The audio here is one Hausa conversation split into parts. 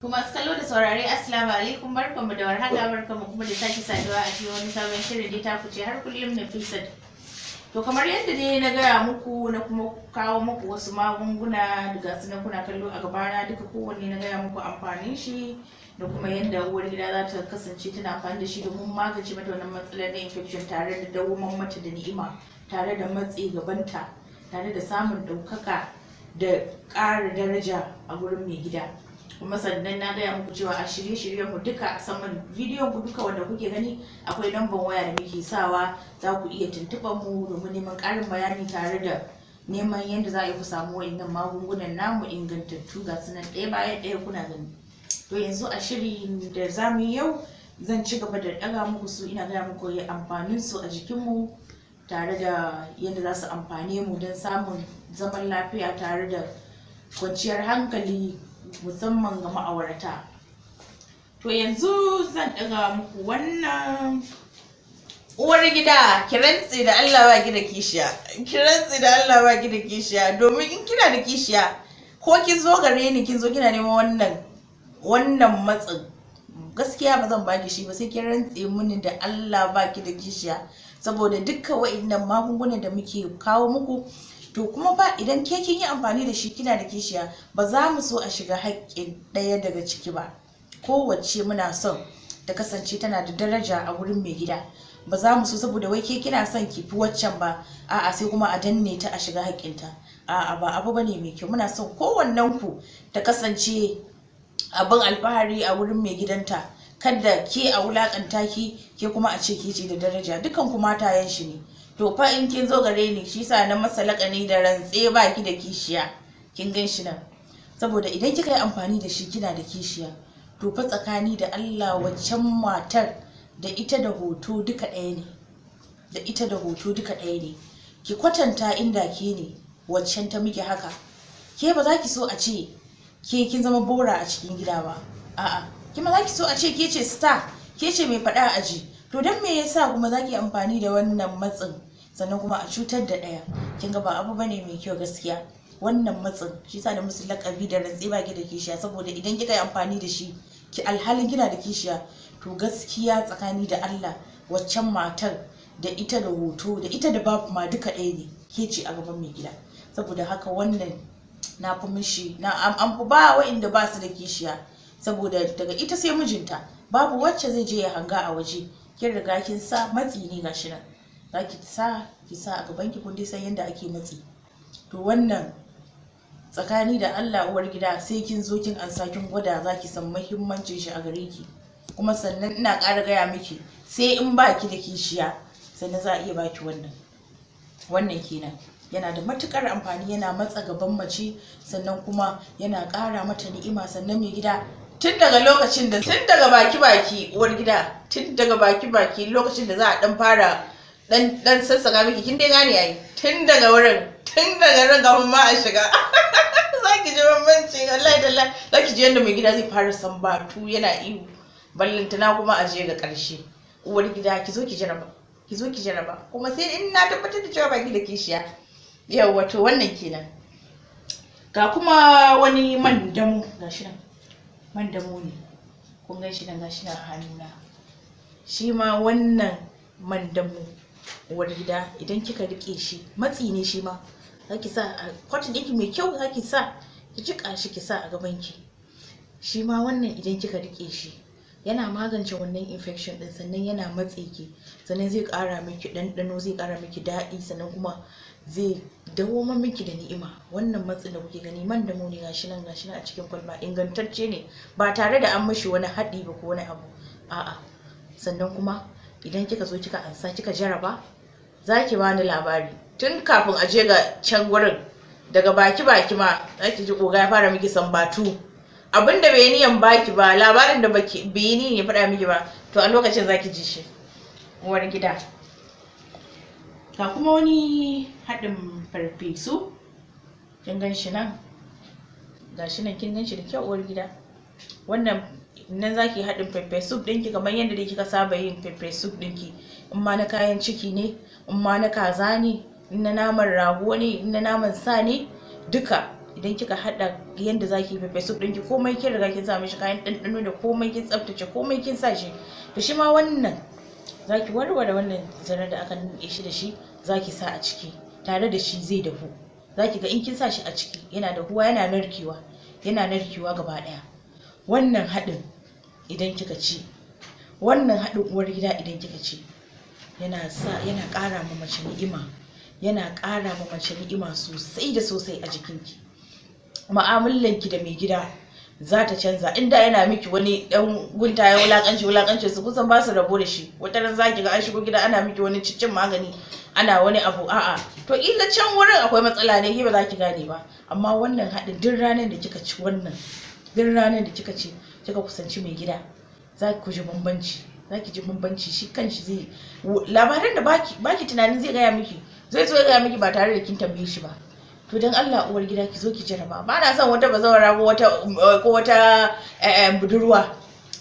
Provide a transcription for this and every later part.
Kuma su kallo da saurare Assalamu alaikum barkanmu da warhaka barkanmu kuma da sake saduwa a cikin wani sabon shirin da ta fice har kullum na Fisad. To kamar yadda ne na gaya muku na kuma kawo muku wasu magunguna da gasu na kuna kallo a gabana duka kowanne na gaya muku amfanin shi da kuma yadda uwar gida za ta kasance tana amfani da shi domin magance mata wannan matsalar na infection tare da dawoman mata da ni'ima tare da matsi gabanta tare da samun ɗaukaka da ƙara daraja a gurin mai gida. kuma sannan na gaya muku cewa a shirye-shiryen mu duka a saman bidiyon ku duka wanda kuke gani akwai lambar waya da muke sawa za ku iya tuntuɓar mu domin neman ƙarin bayani tare da neman yadda za a yi ku samu wayannan magungunan namu ingantattu ga sunan ɗaya bayan ɗaya kuna gani to yanzu a shirin da za mu yi yau zan ci gaba da ɗaga muku su ina gaya muku yi amfanin su a jikinmu tare da yadda za su amfane mu don samun zaman lafiya tare da kwanciyar hankali musamman ga ma'aurata to yanzu zan ɗaga muku wannan uwar gida ki da Allah ba ki kishiya kirantsi da Allah ba gida kishiya domin in kina da kishiya ko kin zo gare ni kin zo kina neman wannan wannan matsin gaskiya ba zan baki shi ba sai kin rantse mini da Allah ba ki da kishiya saboda dukkan wa'annan magungunan da muke kawo muku to kuma ba idan ke kin yi amfani da shi kina da kishiya ba za mu so a shiga haƙƙin ɗaya daga ciki ba kowace muna son ta kasance tana da daraja a wurin mai gida ba za mu so saboda wai ke kina son ki fi waccan ba a'a sai kuma a danne ta a shiga haƙƙinta a'a ba abu bane mai kyau muna son kowannen ku ta kasance abin alfahari a wurin mai gidanta kada ke a wulakanta ki ke kuma a ce ke ce da daraja dukan ku matayen shi ne to fa in kin zo gare ni shi sa na masa laƙani da rantse ba ki da kishiya kin gan shi nan saboda idan kika yi amfani da shi kina da kishiya to fa tsakani da Allah waccan matar da ita da hoto duka ɗaya ne da ita da hoto duka ɗaya ne ki kwatanta inda ke ne waccan ta miki haka ke ba za ki so a ce ke kin zama bora a cikin gida ba a'a ki ma za ki so a ce ke ce star ke ce mai faɗa aji to don me yasa kuma za ki amfani da wannan matsin sannan kuma a cutar da ɗaya kin ga ba abu bane mai kyau gaskiya wannan matsin shi sa da musu lakabi da rantsi ba ki da kishiya saboda idan kika yi amfani da shi ki alhalin kina da kishiya to gaskiya tsakani da Allah waccan matar da ita da hoto da ita da babu ma duka ɗaya ne ke ce a gaban mai gida saboda haka wannan na fi mishi na an fi ba wa'inda ba su da kishiya saboda daga ita sai mijinta babu wacce zai je ya hanga a waje kin riga kin sa matsi ne gashi nan za ki sa ki sa a gaban ki kun san yadda ake matsi to wannan tsakani da Allah uwar gida sai kin zo kin ansa kin gwada za ki san muhimmancin shi a gare ki kuma sannan ina ƙara gaya miki sai in ba ki da kishiya sannan za a iya baki wannan wannan kenan yana da matukar amfani yana matsa gaban mace sannan kuma yana ƙara mata ni'ima sannan mai gida tun daga lokacin da tun daga baki baki uwar gida tun daga baki baki lokacin da za a dan fara dan dan sassaka miki kin dai gane yayi tun daga wurin tun daga nan kafin ma a shiga za ki ji bambanci wallahi da za ki ji yadda mai gida zai fara sambatu yana ihu ballantana kuma a je ga karshe uwar gida ki zo ki jaraba ki zo ki ba kuma sai in na tabbatar da cewa baki da kishiya Yawwa, to wannan kenan ga kuma wani man damu gashi nan man damu ne kun gan shi nan gashi nan hannuna shi ma wannan man damu uwar gida idan kika rike shi matsi ne shi ma sa a kwatin ɗinki mai kyau zaki sa ki jiƙa shi ki sa a gaban ki shi ma wannan idan kika rike shi yana magance wannan infection ɗin sannan yana matse ki sannan zai ƙara miki ɗanɗano zai ƙara miki daɗi sannan kuma zai dawoma miki da ni'ima wannan matsin da kuke gani man da mu ne gashi nan gashi nan a cikin kwalba ingantacce ne ba tare da an mashi wani haɗi ba ko wani abu a'a sannan kuma idan kika zo kika ansa kika jaraba za ki bani labari tun kafin a je ga can gurin daga baki baki ma za ki ji koga ya fara miki sambatu abinda bai niyan baki ba labarin da baki bai ni ne faɗa miki ba to a lokacin za ki ji shi uwar gida ga kuma wani haɗin farfesu kin gan shi nan ga shi nan kin gan shi da kyau uwar gida wannan nan zaki haɗin pepper soup ɗinki kamar yadda dai kika saba yin pepper soup ɗinki in ma na kayan ciki ne in ma na kaza ne in na naman rago ne in na naman sa ne duka idan kika haɗa yadda zaki yi pepper soup ɗinki komai kin riga kin sa mishi kayan ɗanɗano da komai kin tsaftace komai kin sa shi to shi ma wannan zaki warware wannan zare da aka nuke shi da shi zaki sa a ciki tare da shi zai dahu zaki ga in kin sa shi a ciki yana dahuwa yana narkewa yana narkewa gaba ɗaya wannan haɗin idan kika ci wannan haɗin uwar gida idan kika ci yana sa yana ƙara ma mace ni'ima yana ƙara ma mace ni'ima sosai da sosai a jikinki ki da mai gida za ta canza in da yana miki wani ɗan gunta ya wulakanci wulakanci su kusan ba su rabo da shi wata ran zaki ga an shigo gida ana miki wani cikin magani ana wani abu a'a to kila can wurin akwai matsala ne ki ba za ki gane ba amma wannan haɗin duk ranar da kika ci wannan duk ranar da kika ce kika kusanci mai gida za ku ji bambanci za ki ji bambanci shi kan zai labaran da baki tunanin zai gaya miki zai zo ya gaya miki ba tare da kin tambaye shi ba to dan Allah uwar gida ki zo ki jaraba ba na son wata bazawara ko wata ko wata eh, eh, budurwa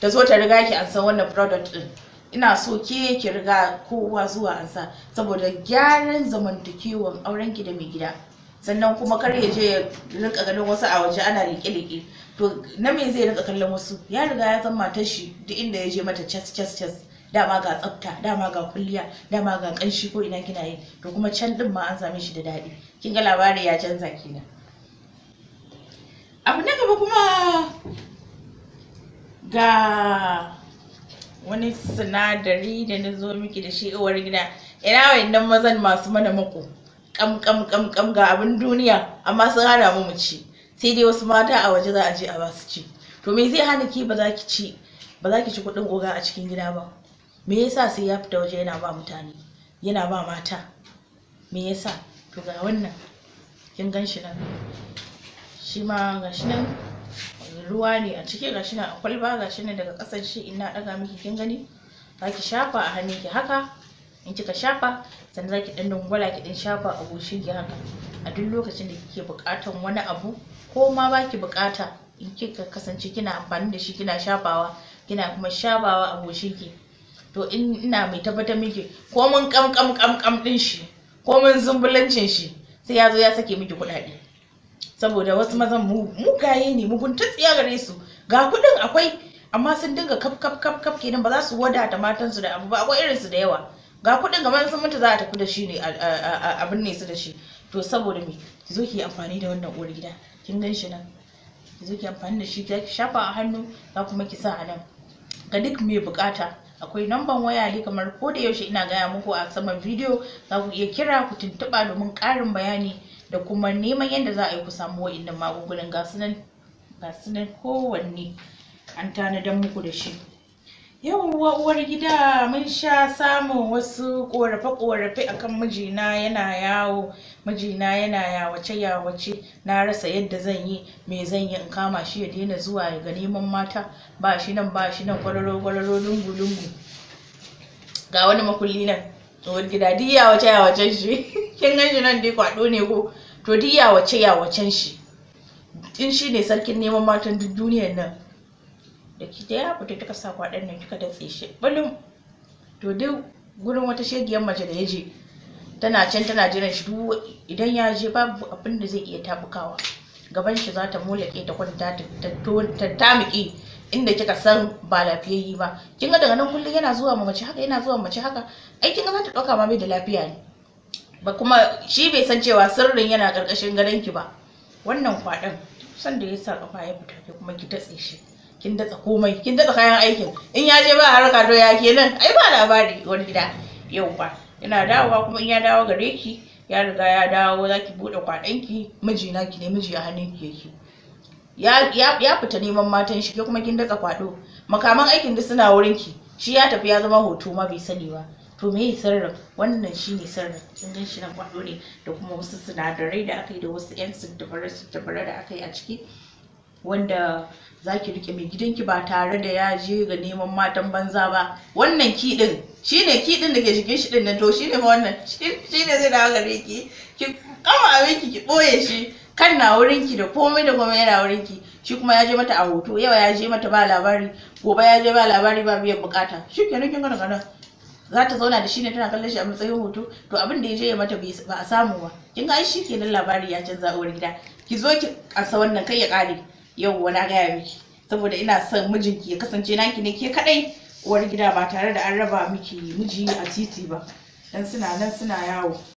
ta zo ta riga ki an san wannan product din ina so ke ki riga kowa zuwa an sa saboda gyaran zamantakewan aurenki da mai gida sannan kuma kar ya je ya rinka ganin wasu a waje ana rike-rike to na zai rika kallon wasu ya riga ya san matar shi duk inda ya je mata cas cas cas dama ga tsafta dama ga kulliya dama ga kanshi ko ina kina yi to kuma can din ma an same shi da daɗi kin ga labari ya canza kenan abu na gaba kuma ga wani sinadari da na zo miki da shi uwar gida ina wayannan mazan masu mana mako kam kam kam kam ga abin duniya amma sun hana mu mu ci sai dai wasu mata a waje za a je a ba su ci to me zai hana ki ba za ki ci ba za ki ci kuɗin oga a cikin gida ba me yasa sai ya fita waje yana ba mutane yana ba mata me yasa to ga wannan kin gan shi nan shi ma ga shi nan ruwa ne a ciki ga shi nan a kwalba ga shi nan daga ƙasar shi ina ɗaga miki kin gani za ki shafa a ki haka in kika shafa sannan za ki ɗan dangwala ki ɗan shafa a ki haka a duk lokacin da kike buƙatan wani abu ko ma ki bukata in kika kasance kina amfani da shi kina shafawa kina kuma shafawa a goshinki to in ina mai tabbatar miki ko mun kam kam kam kam din shi ko mun zumbulancin shi sai ya zo ya sake miki kuɗaɗe saboda wasu mazan mu mugaye ne mugunta tsiya gare su ga kudin akwai amma sun dinga kaf kaf kaf kaf kenan ba za su wadata matansu da abu ba akwai irin su da yawa ga kuɗin ga sun mutu za a tafi da shi ne abin ne su da shi to saboda me ki zo ki yi amfani da wannan uwar gida kin gan shi nan ki ki amfani da shi ki shafa a hannu za kuma ki sa a nan ga duk mai bukata akwai namban waya ne kamar ko da yaushe ina gaya muku a saman bidiyo za ku iya kira ku tuntuɓa domin ƙarin bayani da kuma neman yadda za a yi ku samu wa'innan magungunan ga su nan kowanne an tanadan muku da shi yawwa uwar gida mun sha samun wasu korafe-korafe akan mijina yana yawo mijina yana yawace yawace na rasa yadda zan yi me zan yi in kama shi ya daina zuwa ga neman mata ba shi nan ba shi nan kwararo kwararo lungu lungu ga wani makulli nan uwar gida duk yawace yawacen shi kin gan shi nan dai kwado ne ko to duk yawace yawacen shi in shi ne sarkin neman matan duk duniyar nan da ki da ya fita kika sa kwaɗan nan kika datse shi bulum to duk gurin wata shegiyar mace da ya je tana can tana jiran shi duk idan ya je babu abin da zai iya tabukawa gaban shi za ta mulake ta kwanta ta tamiki inda kika san ba lafiyayye ba kin ga daga nan kullum yana zuwa ma mace haka yana zuwa mace haka ai kin ga za ta dauka ma mai da lafiya ne ba kuma shi bai san cewa sirrin yana karkashin gadonki ba wannan kwaɗan san da ya sa kafa ya fita kuma ki datse shi kin datsa komai kin datsa kayan aikin in ya je ba harka to ya kenan ai ba labari wani gida yau ba yana dawowa kuma in ya dawo gare ki ya riga ya dawo za ki buɗe kwaɗanki mijina ki ne miji a hannun ki yake ya fita neman matan shi kuma kin datsa kwado makaman aikin duk suna wurin ki shi ya tafi ya zama hoto ma bai sani ba to me sirrin wannan shine sirrin kin gan shi nan kwaɗo ne da kuma wasu sinadarai da aka yi da wasu 'yan da da aka yi a ciki wanda za ki rike mai gidanki ba tare da ya je ga neman matan banza ba wannan ki din ne, ki din da ke jikin shi din nan to ne ma wannan ne zai dawo gare ki ki kama abin ki ki boye shi kan na wurin ki da komai da komai yana wurin ki shi kuma ya je mata a hoto yau ya je mata ba labari gobe ya je ba labari ba biyan bukata shi kenan kin gana gana za ta zauna da shi ne tana kallon shi a matsayin hoto to abin da ya je ya mata ba a samu ba kin ga shi kenan labari ya canza uwar gida ki zo ki ansa wannan kai ya kare yau na gaya miki saboda ina son mijinki ya kasance naki ne ke kadai uwar gida ba tare da an raba miki miji a titi ba dan suna nan suna yawo